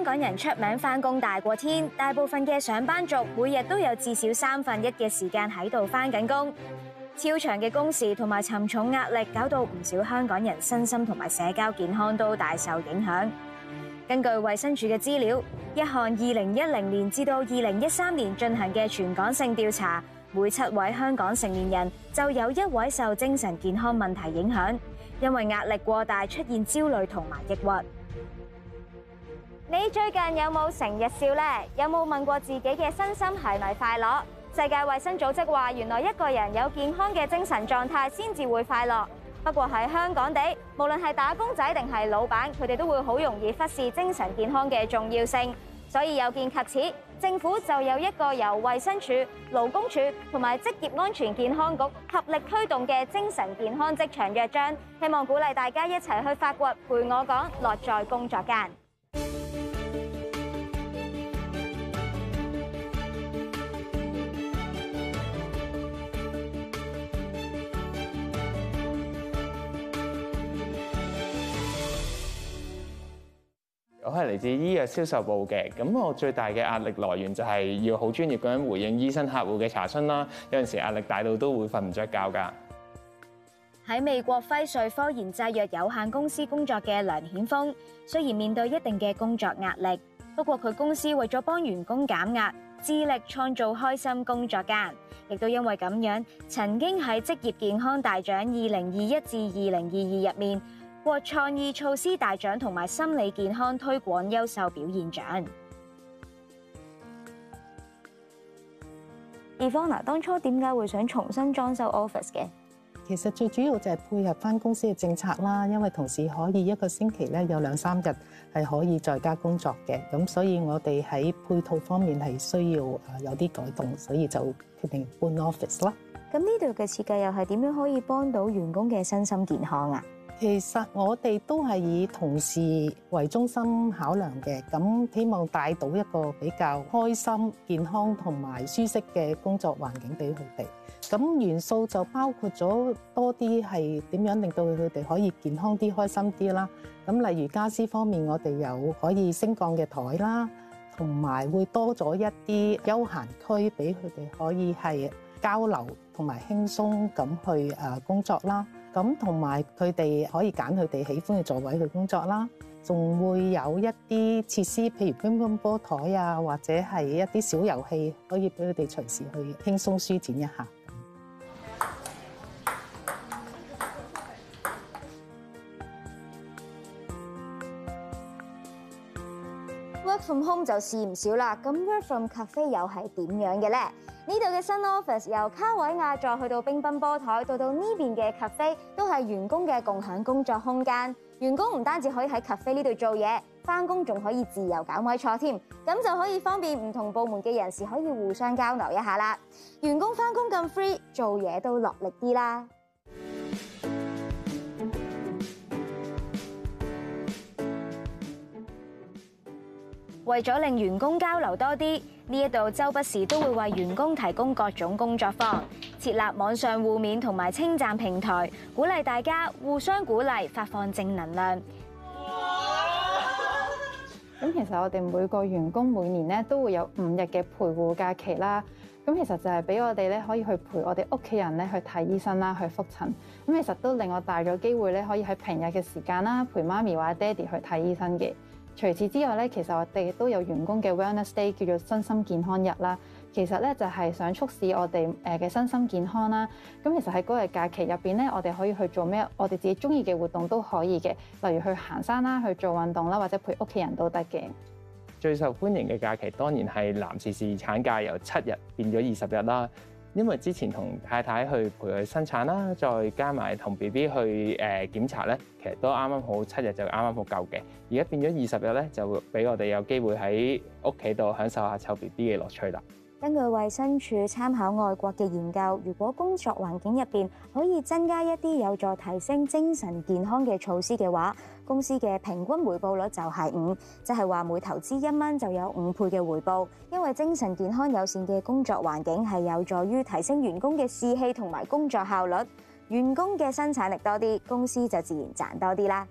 香港人出名翻工大過天，大部分嘅上班族每日都有至少三分一嘅時間喺度翻緊工。超長嘅工時同埋沉重壓力，搞到唔少香港人身心同埋社交健康都大受影響。根據衛生署嘅資料，一項二零一零年至到二零一三年進行嘅全港性調查，每七位香港成年人就有一位受精神健康問題影響，因為壓力過大出現焦慮同埋抑鬱。你最近有冇成日笑呢？有冇問過自己嘅身心係咪快樂？世界衛生組織話，原來一個人有健康嘅精神狀態先至會快樂。不過喺香港地，無論係打工仔定係老闆，佢哋都會好容易忽視精神健康嘅重要性。所以有見及此，政府就有一個由衛生署、勞工署同埋職業安全健康局合力推動嘅精神健康職場約章，希望鼓勵大家一齊去發掘陪我講樂在工作間。我係嚟自醫藥銷售部嘅，咁我最大嘅壓力來源就係要好專業咁樣回應醫生、客戶嘅查詢啦。有陣時壓力大到都會瞓唔着覺㗎。喺美國輝瑞科研製藥有限公司工作嘅梁顯峰，雖然面對一定嘅工作壓力，不過佢公司為咗幫員工減壓，致力創造開心工作間，亦都因為咁樣，曾經喺職業健康大獎二零二一至二零二二入面。獲創意措施大獎同埋心理健康推廣優秀表現獎。Yvonne 當初點解會想重新裝修 office 嘅？其實最主要就係配合翻公司嘅政策啦，因為同事可以一個星期咧有兩三日係可以在家工作嘅，咁所以我哋喺配套方面係需要有啲改動，所以就決定搬 office 啦。咁呢度嘅設計又係點樣可以幫到員工嘅身心健康啊？其實我哋都係以同事為中心考量嘅，咁希望帶到一個比較開心、健康同埋舒適嘅工作環境俾佢哋。咁元素就包括咗多啲係點樣令到佢哋可以健康啲、開心啲啦。咁例如傢俬方面，我哋有可以升降嘅枱啦，同埋會多咗一啲休閒區俾佢哋可以係交流同埋輕鬆咁去誒工作啦。咁同埋佢哋可以揀佢哋喜歡嘅座位去工作啦，仲會有一啲設施，譬如乒乓波台啊，或者係一啲小遊戲，可以俾佢哋隨時去輕鬆舒展一下。Work from home 就試唔少啦，咁 Work from Cafe 又係點樣嘅呢？呢度嘅新 office 由卡位亞再去到乒乓波台，到到呢邊嘅 cafe 都係員工嘅共享工作空間。員工唔單止可以喺 cafe 呢度做嘢，返工仲可以自由揀位坐添，咁就可以方便唔同部門嘅人士可以互相交流一下啦。員工返工咁 free，做嘢都落力啲啦。為咗令員工交流多啲，呢一度周不時都會為員工提供各種工作坊，設立網上互勉同埋稱讚平台，鼓勵大家互相鼓勵，發放正能量。咁哇其實我哋每個員工每年咧都會有五日嘅陪護假期啦。咁其實就係俾我哋咧可以去陪我哋屋企人咧去睇醫生啦，去復診。咁其實都令我大咗機會咧可以喺平日嘅時間啦陪媽咪或者爹哋去睇醫生嘅。除此之外咧，其實我哋亦都有員工嘅 Wellness Day，叫做身心健康日啦。其實咧就係想促使我哋誒嘅身心健康啦。咁其實喺嗰個假期入邊咧，我哋可以去做咩？我哋自己中意嘅活動都可以嘅，例如去行山啦、去做運動啦，或者陪屋企人都得嘅。最受歡迎嘅假期當然係男士侍產假，由七日變咗二十日啦。因為之前同太太去陪佢生產啦，再加埋同 BB 去誒檢查咧，其實都啱啱好七日就啱啱好夠嘅。而家變咗二十日咧，就會俾我哋有機會喺屋企度享受下湊 BB 嘅樂趣啦。根據衛生署參考外國嘅研究，如果工作環境入邊可以增加一啲有助提升精神健康嘅措施嘅話，公司嘅平均回報率就係五，即係話每投資一蚊就有五倍嘅回報。因為精神健康友善嘅工作環境係有助於提升員工嘅士氣同埋工作效率，員工嘅生產力多啲，公司就自然賺多啲啦。